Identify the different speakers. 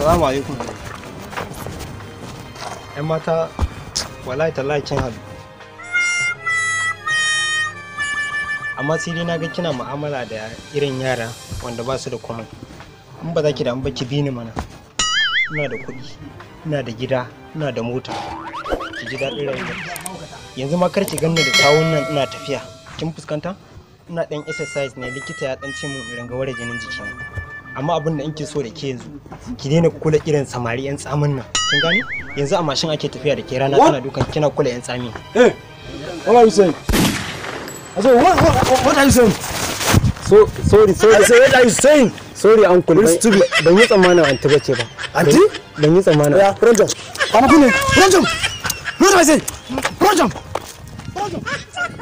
Speaker 1: Assalamu alaikum.
Speaker 2: ‘Yan mata, wallahi tallahi kin Amma sai dai na ga kina mu'amala da irin yara wanda ba su da komai. In ba za ki da ba ki bini mana. Ina da kuɗi, ina da gida, ina da mota. Ki ji daɗin rayuwa. Yanzu ma kar ki ganni da kawun nan ina tafiya. Kin fuskanta? Ina ɗan exercise ne likita ya ɗan ce mun in ringa ware jinin jikina. amma abin da nke so da ke yanzu ki daina kula irin samari yan tsamin nan kin gani yanzu a mashin ake tafiya da ke rana tana dukan kina kula yan tsami
Speaker 1: eh what are you saying i said what, what, what are you saying so sorry sorry i said what are you saying sorry uncle ban yi tsammanin anti bace ba anti ban yi tsammanin ya
Speaker 3: rojo kana kune rojo rojo i said rojo ah, rojo